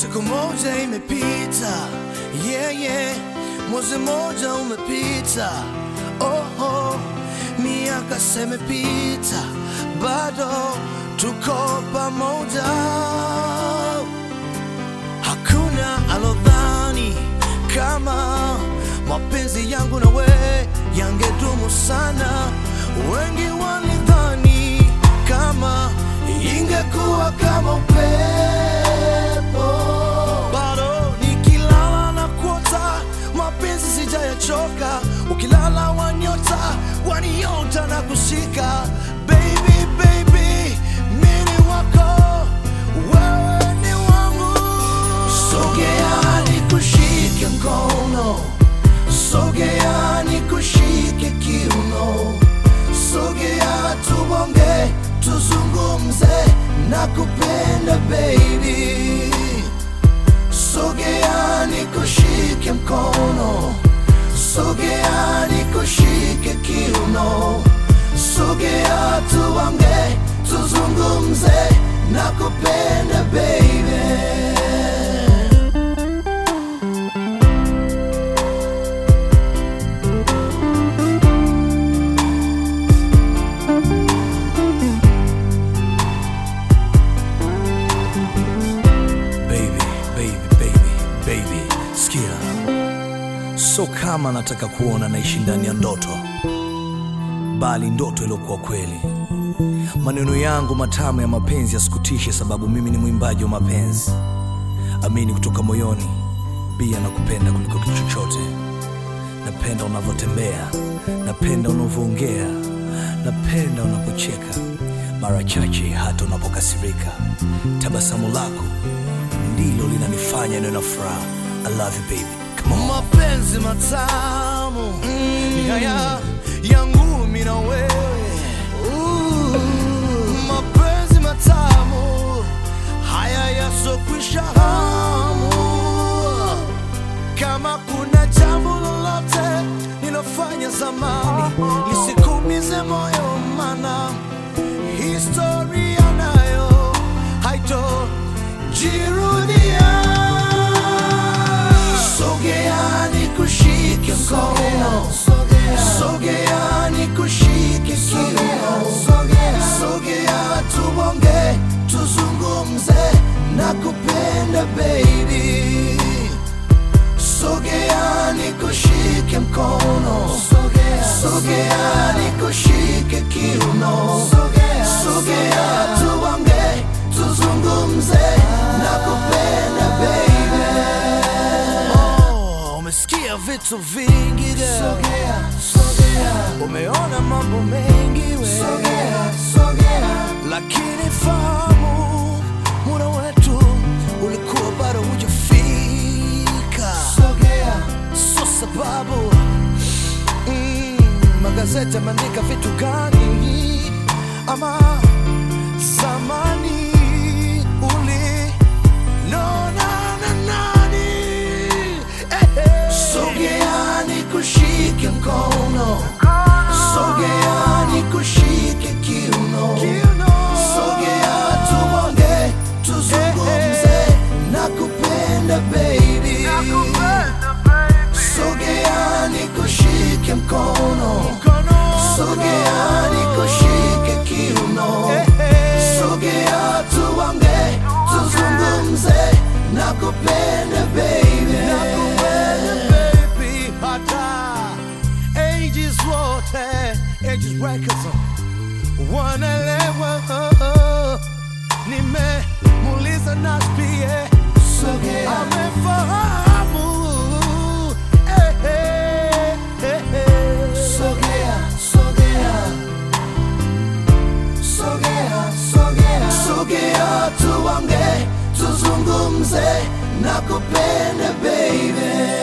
Siku moja imepita yeah, yeah. Mwezi moja umepita oh, oh. Miaka semepita bado tuko pamoja, hakuna alodhani kama mapenzi yangu nawe yangedumu sana kuchoka, ukilala wanyota waniota na kushika. Baby, baby, wako, wewe ni wangu. mkono, kiuno, sogea tubonge, tuzungumze, nakupenda baby. Sogea nikushike mkono Sogea nikushike kiuno, sogea tuwange tuzungumze, nakupenda baby so kama nataka kuona naishi ndani ya ndoto, bali ndoto iliyokuwa kweli. Maneno yangu matamu ya mapenzi yasikutishe, sababu mimi ni mwimbaji wa mapenzi. Amini kutoka moyoni, pia nakupenda kuliko kitu chochote. Napenda unavyotembea, napenda unavyoongea, napenda unapocheka, mara chache hata unapokasirika. Tabasamu lako ndilo linanifanya niwe na furaha. I love you baby mapenzi matamu mm. haya yangu mimi na wewe mapenzi matamu haya yasokwisha hamu kama kuna jambo lolote nilofanya zamani lisikumize moyo mana historia nayo haito jirudi nizungumze na kupenda baby, sogea nikushike mkono, sogea nikushike kiuno, sogea tuwange, tuzungumze na baby. Oh, umesikia vitu vingi, sogea, sogea, umeona mambo mengi we sababu mm, magazeti yameandika vitu gani ama samani ulinona na nani Sogeani mkono, sogeani kiuno, sogea baby, Sogea nikushike mkono, sogea nikushike kiuno, sogea tuzungumze, baby, baby, hata ages wote, ages records wanaelewa, oh, oh, oh. yangu mzee, nakupenda baby